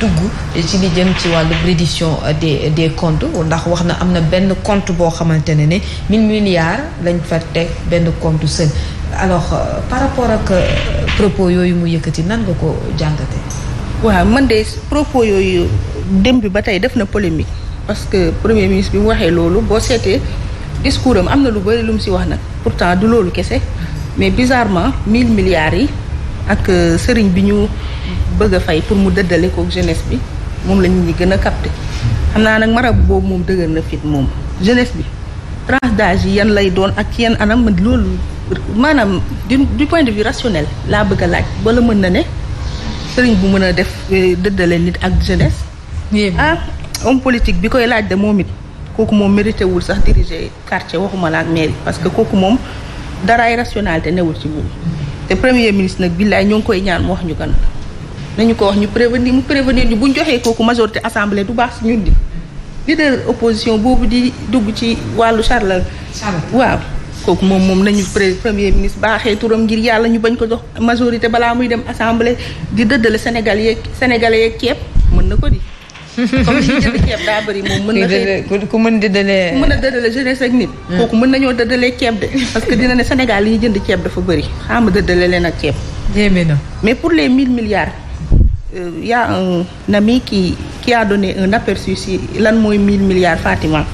dugg ci li jëm ci wàllu reddition euh, des euh, des comptes ndax wax na am na benn compte boo xamante ne ne mille milliards lañ fa teg benn compte seen alors euh, par rapport ak propos yooyu mu yëkkati nan nga ko jàngate waaw man de propos yooyu dem bi ba tey def na polémique parce que premier ministre bi mu waxee loolu boo seetee discours am na lu bëri lu mu si wax nag pourtant du loolu kese mais bizarrement mille milliards yi ak euh, sëriñ bi ñu bëgg a fay pour mu dëddale ko jeunesse bi moom la nit ñi gën a capté xam naa nag marabu boobu moom dëgër na fit moom jeunesse bi tranche yi yan lay doon ak yan anam man loolu maanaam du point de vue rationnel laa bëgg a laaj bala mën na ne sëriñ bu mën a def euh, dëddale nit ak jeunesse ah homme politique bi koy laaj de moom it kooku moom mérité wul sax diriger quartier waxuma la ak mairie parce que kooku moom daray daraay rationalité newul ci ñun te premier ministre nag billaay ñoo ngi koy ñaan mu wax ñu kan nañu ko wax ñu prévenir mu prévenir ñu bu ñu joxee kooku majorité assemblée du baax si ñun di leader opposition boobu di dugg ci wàllu charlal waaw kooku moom moom nañu premier ministre baaxee turam ngir yàlla ñu bañ ko dox majorité balaa muy dem assemblée di dëddale Sénégal yeeg sénégalais yeeg ceeb comme li ñu jënd ceeb daa bëri moom mën na mën dëddale ku mën a dëddale hmm. nañoo dëddale ceeb de parce que dina ne Sénégal li ñu jënd ceeb dafa bëri xaama dëddale leen ak ceeb mais pour les mill milliards euh, y a un ami qui qui a donné un aperçu si lan mooy mille milliards Fatima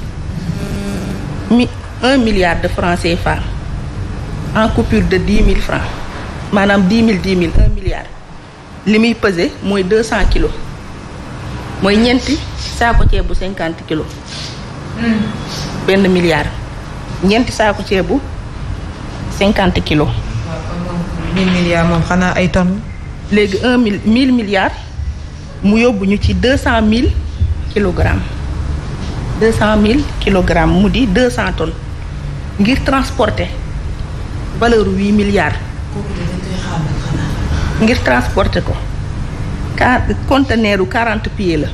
mi un milliard de francs fa en coupure de dix mille francs maanaam dix mille dix mille un milliard li muy pesé mooy deux cent kilos mooy ñeenti saako ceeb bu cinquante kilos. Hmm. benn milliard. ñeenti saako ceebu bu cinquante kilos. mille moom xanaa ay tonnes. léegi un mille mille milliards mu yóbbu ñu ci deux cent mille kilogrammes deux cent mille kilogrammes mu di deux cent tonnes ngir transporter valeur huit milliards. ngir transporter ko. car conteneur quarante pieds la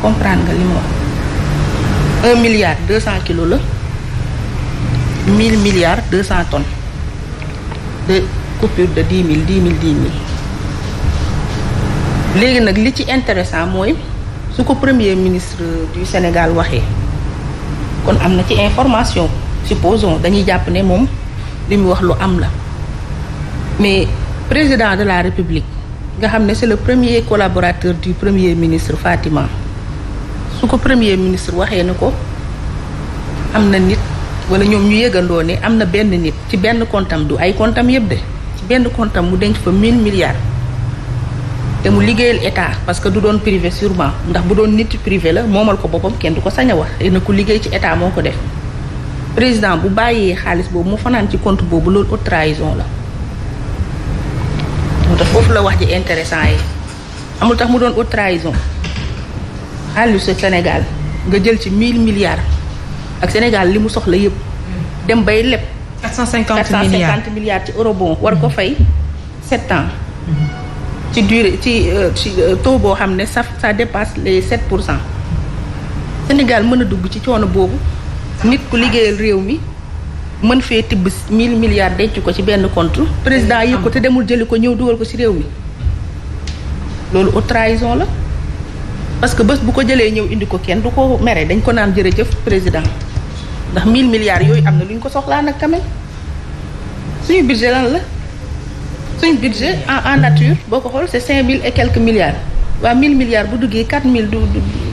comprendre nga li ma un milliard deux cent kilos la mille milliards deux cent tonnes de coupure de dix mille dix mille dix mille léegi nag li ci intéressant mooy su ko premier ministre du Sénégal waxe kon am na ci information supposons dañuy jàpp ne moom li mu wax lu am la mais président de la république nga xam ne c'est le premier collaborateur du premier ministre Fatima su ko premier ministre waxee na ko am na nit wala ñoom ñu yëgandoo ne am na benn nit ci benn contam du ay kontam yëpp de ci benn kontam mu denc fa mille milliards te mu liggéeyal état parce que du doon privé sûrement ndax bu doon nit privé la moomal ko boppam kenn du ko saña a wax na ko liggéey ci état moo ko def président bu bàyyee xaalis boobu mu fanaan ci compte boobu loolu haute trahison la te foofu la wax ji intéressant yi amul tax mu doon haute trahison àllu sa Sénégal nga jël ci mille milliards ak Sénégal li mu soxla yëpp dem bay leb. 450 milliards 450 milliards ci eurobond war ko fay 7 ans. ci dure ci euh, ci euh, boo xam ne ça ça dépasse les 7 pour cent Sénégal mën a dugg ci coono boobu. nit ku liggéeyal réew mi. mën fee tibb mille milliards denc ko ci benn contre président yi ko te demul jëli ko ñëw dugal ko ci réew mi loolu haute trahison la parce que bés bu ko jëlee ñëw indi ko kenn du ko mere dañ ko naan jëf président ndax mille milliards yooyu am na lu ñu ko soxlaa nag quand même suñu budget lan la suñu budget en en nature boo ko xool c'est cinq mille et quelques milliards waa mille milliards bu duggee quatre mille du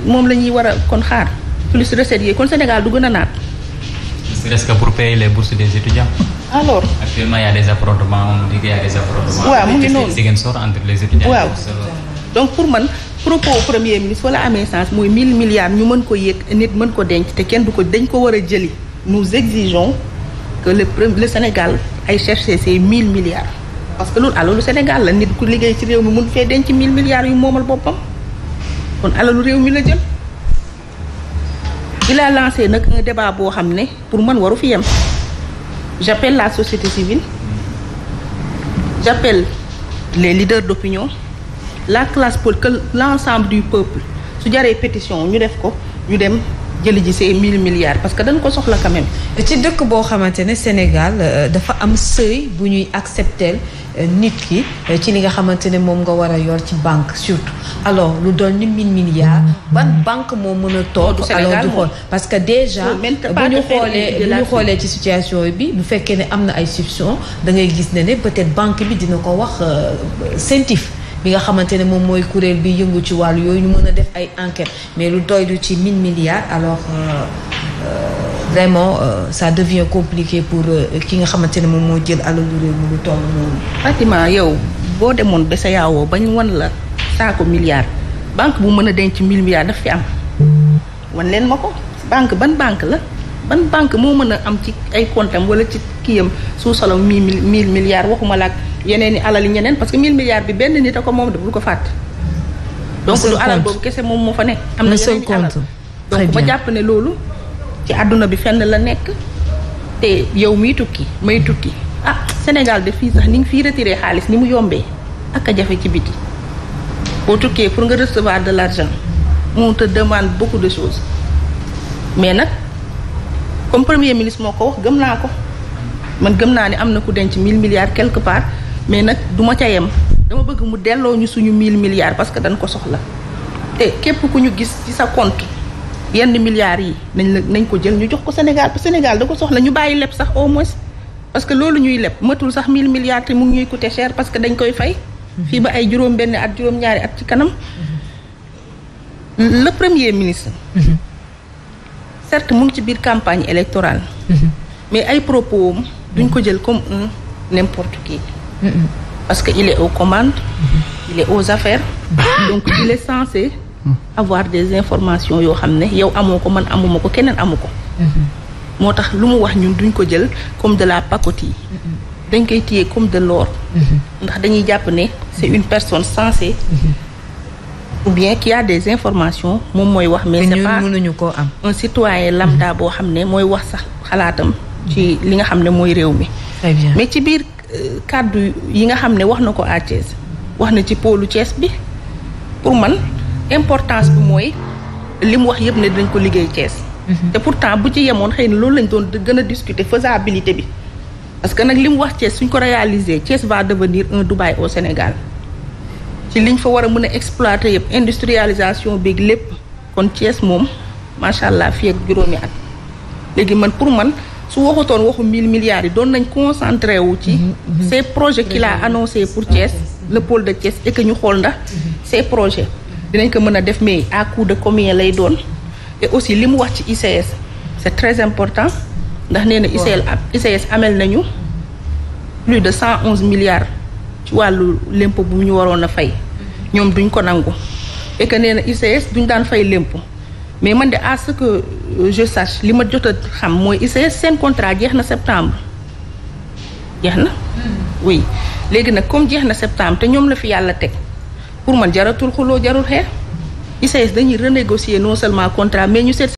moom la ñuy war a kon xaar plus recettes yi kon Sénégal du gën a naat est que pour payer les bourses des étudiants. alors actuellement on dit qu'il y a waaw ngi noonu donc pour man propos premier ministre wala amee sens mooy 1000 milliards ñu mën ko yéeg nit mën ko denc te kenn du ko dañ ko war a jëli. nous exigeons que le le Sénégal ay chercher ces 1000 milliards. parce que loolu alalu Sénégal la nit ku liggéey ci réew mi mun fee denc 1000 milliards yu moomal boppam kon alalu réew mi la jël. il a lancé nag un débat boo xam ne pour man waru fi yem j'appelle la société civile j'appelle les leaders d'opinion la classe politique l'ensemble du peuple su jaree pétition ñu def ko ñu dem jëli ji say mille milliards parce que dañ ko soxla quand même. ci dëkk boo xamante ne Sénégal euh, dafa am seuil bu ñuy accepter euh, nit ki euh, ci li nga xamante ne moom nga war a yor ci banque surtout alors lu doon ni mille milliards. ban banque moo mën a toog. alors du xool parce que déjà. bu ñu xoolee xoolee ci situation bi bu fekkee ne am na ay soupçons dangay gis ne ne peut-être banque bi dina ko wax sentif bi nga xamante ne moom mooy kuréel bi yëngu ci wàllu yooyu ñu mën a def ay enquêtes mais lu doylu ci mille milliards alors euh, euh, vraiment euh, ça devient compliqué pour ki nga xamante ne moom moo jël alalu mu mi lu toll noonu. Fatima yow boo demoon ba sa ba ñu wan la saako milliards banque bu mën a denc mille milliards daf fi am wan leen ma ko banque ban banque la. ban banque moo mën a am ci ay comptam wala ci kiyam suu solo mille mille milliards waxuma laak yeneen i alal yi ñeneen parce que 1000 milliards bi benn nit a ko moom de bul ko fàtte. donc du alal boobu kese moom moo fa nekk. am na yeneen i alal donc ma jàpp ne loolu ci àdduna bi fenn la nekk te yow miy tukki may tukki ah Sénégal de fii sax ni nga fiy retiré xaalis ni mu yombee ak jafe ci biti boo tukkee pour nga recevoir de l'argent on te demande beaucoup de mais nag comme premier ministre ko wax gëm naa ko man gëm naa ne am na ku denc 1000 milliards quelque part. mais nag duma ma ca yem dama bëgg mu delloo ñu suñu mille milliards parce que dañ ko soxla te képp ku ñu gis ci sa compte yenn milliards yi nañ la nañ ko jël ñu jox ko Sénégal Sénégal da ko soxla ñu bàyyi leb sax au moins parce que loolu ñuy leb matul sax mille milliards te mu ngi ñuy coûter cher parce que dañ koy fay. Mhm. fii ba ay juróom benn at juróom ñaari at ci kanam. le premier ministre. Mhm. certes mu ngi ci biir campagne électorale. Mhm. mais ay propos am duñ ko jël comme un n'importe Mm-hmm. parce que il est aux commandes mm-hmm. il est aux affaires mm-hmm. donc il est censé avoir des informations yoo xam ne yow amoo ko man amuma ko keneen amu ko moo tax lu mu wax ñun duñ ko jël comme de la pacotille dañ koy téye comme de l'or ndax dañuy jàpp ne c'est une personne censée ou bien qu'il des informations moom mooy wax mais c'est pas koo am un citoyen lambda boo xam ne mooy wax sax xalaatam ci li nga xam ne mooy réew mi mais ci biir kàddu yi nga xam ne wax na ko à Thiès wax na ci pôlu Thiès bi pour man importance bi mooy li mu wax yëpp ne dañ ko liggéey Thiès. Mhm. te pourtant bu ci yemoon xëy na loolu lañ doon gën a discuter faisabilité bi parce que nag li mu wax Thiès suñ ko réaliser Thiès ba devenir un Dubaï au Sénégal ci liñ fa war a mën a exploité yëpp industrialisation beeg lépp kon Thiès moom macha allah fii ak juróomi at léegi man pour man. su waxutoon waxu mille milliards yi doon nañ concentré wu ci mhm, mhm. ces projets qu'il a annoncé pour Thiès le pôle de Thiès et ñu xool ndax mhm. ces projet dinañ ko mën a def mais à de combien lay doon et aussi li mu wax ci ICS c'est très important ndax nee na ICL ICS amel nañu plus de cent onze milliards ci wàllu lémp bu ñu waroon a fay ñoom duñ ko nangu et que nee na ICS duñ daan fay lémp mais man de à ce que euh, je sache li ma jot xam mooy ICS seen contrat jeex na septembre jeex na. Hmm. oui léegi nag comme jeex na septembre te ñoom la fi yàlla teg pour man jaratul xuloo jarul xeex ICS dañuy renégocier non seulement contrat mais ñu seet.